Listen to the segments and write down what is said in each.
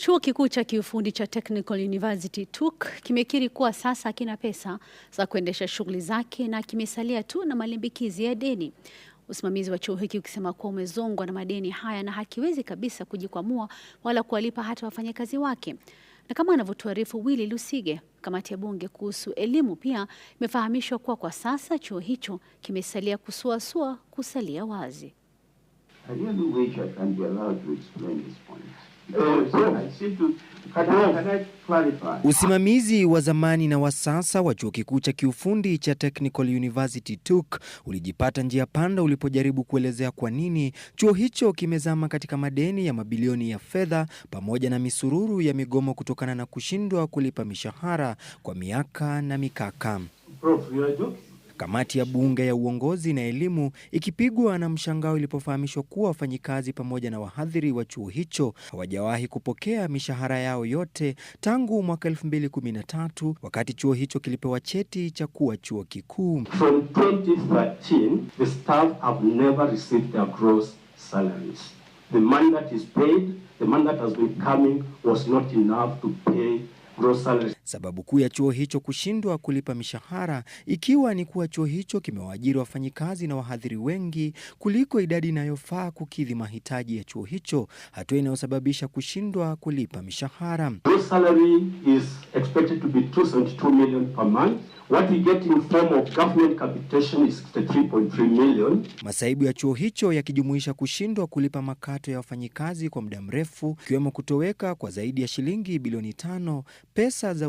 Chuo Kikuu cha Kiufundi cha Technical University TUK kimekiri kuwa sasa kina pesa za kuendesha shughuli zake na kimesalia tu na malimbikizi ya deni, usimamizi wa chuo hiki ukisema kuwa umezongwa na madeni haya na hakiwezi kabisa kujikwamua wala kuwalipa hata wafanyakazi wake. Na kama anavyotuarifu Willy Lusige, kamati ya bunge kuhusu elimu pia imefahamishwa kuwa kwa sasa chuo hicho kimesalia kusuasua kusalia wazi. I really wish I can be allowed to explain this point. Usimamizi wa zamani na wa sasa wa Chuo Kikuu cha Kiufundi cha Technical University TUK ulijipata njia panda ulipojaribu kuelezea kwa nini chuo hicho kimezama katika madeni ya mabilioni ya fedha pamoja na misururu ya migomo kutokana na kushindwa kulipa mishahara kwa miaka na mikaka. Prof, Kamati ya bunge ya uongozi na elimu ikipigwa na mshangao ilipofahamishwa kuwa wafanyikazi pamoja na wahadhiri wa chuo hicho hawajawahi kupokea mishahara yao yote tangu mwaka 2013 wakati chuo hicho kilipewa cheti cha kuwa chuo kikuu. From 2013, the staff have never received their gross salaries. The is paid, the has been coming was not enough to pay gross salaries. Sababu kuu ya chuo hicho kushindwa kulipa mishahara ikiwa ni kuwa chuo hicho kimewaajiri wafanyikazi na wahadhiri wengi kuliko idadi inayofaa kukidhi mahitaji ya chuo hicho, hatua inayosababisha kushindwa kulipa mishahara. Masaibu ya chuo hicho yakijumuisha kushindwa kulipa makato ya wafanyikazi kwa muda mrefu, ikiwemo kutoweka kwa zaidi ya shilingi bilioni tano pesa za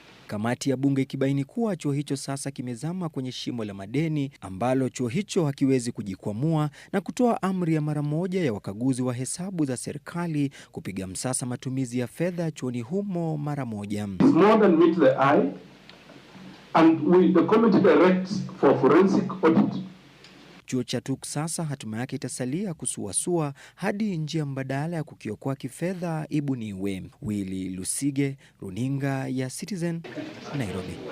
kamati ya bunge ikibaini kuwa chuo hicho sasa kimezama kwenye shimo la madeni ambalo chuo hicho hakiwezi kujikwamua na kutoa amri ya mara moja ya wakaguzi wa hesabu za serikali kupiga msasa matumizi ya fedha chuoni humo mara moja. Chuo cha TUK sasa hatima yake itasalia kusuasua hadi njia mbadala ya kukiokoa kifedha ibuniwe. Willy Lusige, runinga ya Citizen, Nairobi.